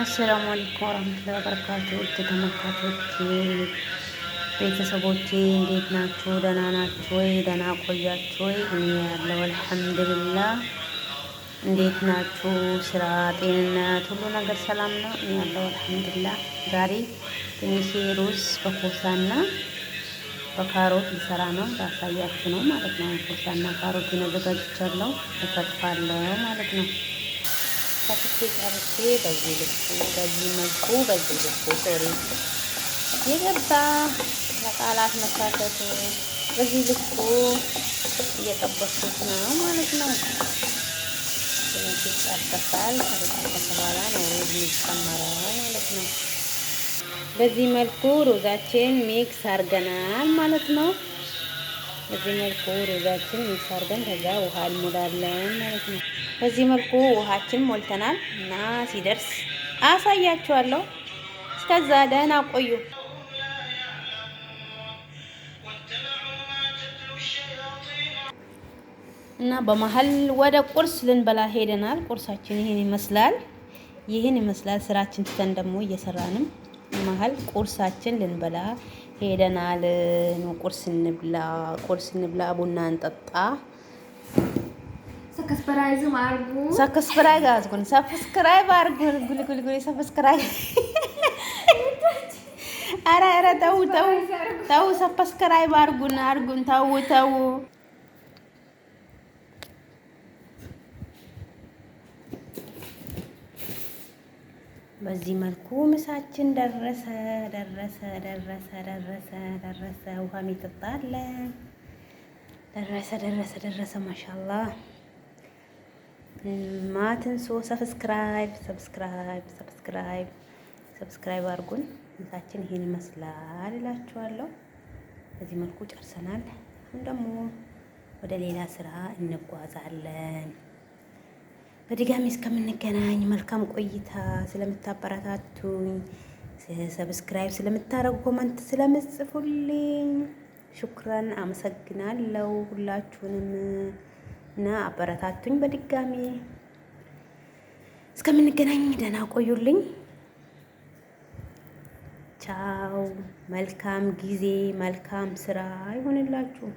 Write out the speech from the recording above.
አሰላሙ አለይኩም ወራህመቱላሂ ወበረካቱ። ተመልካቾች ቤተሰቦቼ እንዴት ናችሁ? ደህና ናችሁ ወይ? ደህና ቆያችሁ ወይ? እኔ ያለው አልሐምዱሊላህ። እንዴት ናችሁ? ስራ፣ ጤንነት፣ ሁሉ ነገር ሰላም ነው? እኔ ያለው አልሐምዱሊላህ። ዛሬ ትንሽ ሩዝ በኮሳና በካሮት ልሰራ ነው፣ ላሳያችሁ ነው ማለት ነው። ኮሳና ካሮት ነዘጋጅቻለሁ፣ እከትፋለሁ ማለት ነው ከትፌ ጨርሼ በዚህ ልኩ በዚህ መልኩ በዚህ ልኩ ሶሪ የገባ ለቃላት መሳተቱ በዚህ ልኩ እየጠበስኩት ነው ማለት ነው። ይጠበሳል። ከተጠበሰ በኋላ ነው የሚጨመረው ማለት ነው። በዚህ መልኩ ሩዛችን ሚክስ አድርገናል ማለት ነው። በዚህ መልኩ ሩዛችን ሚክስ አድርገን ከዛ ውሃ እንሞላለን ማለት ነው። በዚህ መልኩ ውሃችን ሞልተናል እና ሲደርስ አሳያችኋለሁ። እስከዛ ደህና ቆዩ። እና በመሀል ወደ ቁርስ ልንበላ ሄደናል። ቁርሳችን ይህን ይመስላል። ይህን ይመስላል። ስራችን ትተን ደግሞ እየሰራንም መሀል ቁርሳችን ልንበላ ሄደናል። ቁርስ እንብላ፣ ቁርስ እንብላ፣ ቡና እንጠጣ። ሰብስክራይብ አድርጉን፣ ሰብስክራይብ አድርጉን። ጉልጉልጉል ሰብስክራይብ ኧረ ኧረ ተው ተው ተው፣ ሰብስክራይብ አድርጉን፣ አድርጉን። ተው ተው በዚህ መልኩ ምሳችን ደረሰ ደረሰ ደረሰ ደረሰ ደረሰ። ውሃ ይጠጣል። ደረሰ ደረሰ ደረሰ። ማሻላ ማትንሶ ሰብስክራይብ ሰብስክራይብ ሰብስክራይብ ሰብስክራይብ አድርጉን። ምሳችን ይሄን ይመስላል እላችኋለሁ። በዚህ መልኩ ጨርሰናል። አሁን ደግሞ ወደ ሌላ ስራ እንጓዛለን። በድጋሚ እስከምንገናኝ መልካም ቆይታ። ስለምታበረታቱኝ፣ ሰብስክራይብ ስለምታረጉ፣ ኮመንት ስለምጽፉልኝ ሹክረን አመሰግናለሁ ሁላችሁንም እና አበረታቱኝ በድጋሚ እስከምንገናኝ ደህና ቆዩልኝ። ቻው። መልካም ጊዜ፣ መልካም ስራ ይሆንላችሁ።